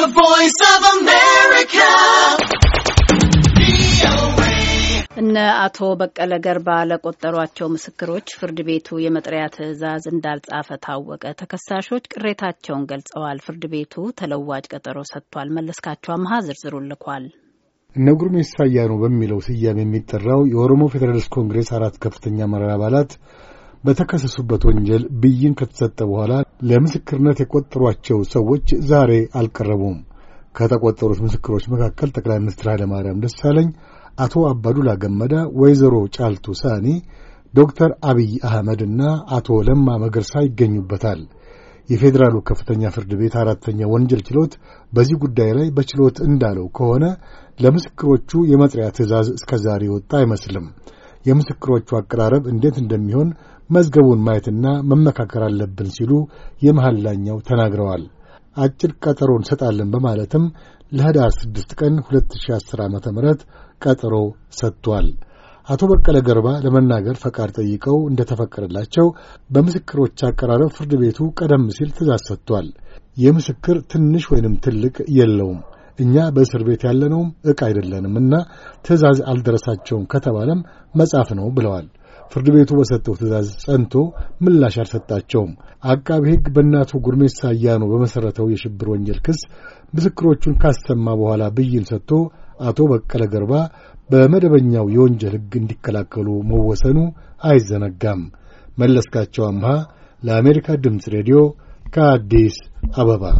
The Voice of America. እነ አቶ በቀለ ገርባ ለቆጠሯቸው ምስክሮች ፍርድ ቤቱ የመጥሪያ ትዕዛዝ እንዳልጻፈ ታወቀ። ተከሳሾች ቅሬታቸውን ገልጸዋል። ፍርድ ቤቱ ተለዋጭ ቀጠሮ ሰጥቷል። መለስካቸው አምሃ ዝርዝሩ ልኳል። እነ ጉርሜ በሚለው ስያሜ የሚጠራው የኦሮሞ ፌዴራሊስት ኮንግሬስ አራት ከፍተኛ መራር አባላት በተከሰሱበት ወንጀል ብይን ከተሰጠ በኋላ ለምስክርነት የቆጠሯቸው ሰዎች ዛሬ አልቀረቡም። ከተቆጠሩት ምስክሮች መካከል ጠቅላይ ሚኒስትር ኃይለማርያም ደሳለኝ፣ አቶ አባዱላ ገመዳ፣ ወይዘሮ ጫልቱ ሳኒ፣ ዶክተር አብይ አህመድ እና አቶ ለማ መገርሳ ይገኙበታል። የፌዴራሉ ከፍተኛ ፍርድ ቤት አራተኛ ወንጀል ችሎት በዚህ ጉዳይ ላይ በችሎት እንዳለው ከሆነ ለምስክሮቹ የመጥሪያ ትዕዛዝ እስከ ዛሬ ወጣ አይመስልም። የምስክሮቹ አቀራረብ እንዴት እንደሚሆን መዝገቡን ማየትና መመካከር አለብን ሲሉ የመሐላኛው ተናግረዋል። አጭር ቀጠሮ እንሰጣለን በማለትም ለህዳር 6 ቀን 2010 ዓ ም ቀጠሮ ሰጥቷል። አቶ በቀለ ገርባ ለመናገር ፈቃድ ጠይቀው እንደተፈቀደላቸው በምስክሮች አቀራረብ ፍርድ ቤቱ ቀደም ሲል ትእዛዝ ሰጥቷል። የምስክር ትንሽ ወይንም ትልቅ የለውም። እኛ በእስር ቤት ያለነውም ዕቃ አይደለንም እና ትዕዛዝ አልደረሳቸውም ከተባለም መጻፍ ነው ብለዋል። ፍርድ ቤቱ በሰጠው ትዕዛዝ ጸንቶ ምላሽ አልሰጣቸውም። አቃቢ ሕግ በእናቱ ጉርሜሳ አያኖ በመሠረተው የሽብር ወንጀል ክስ ምስክሮቹን ካሰማ በኋላ ብይን ሰጥቶ አቶ በቀለ ገርባ በመደበኛው የወንጀል ሕግ እንዲከላከሉ መወሰኑ አይዘነጋም። መለስካቸው አምሃ ለአሜሪካ ድምፅ ሬዲዮ ከአዲስ አበባ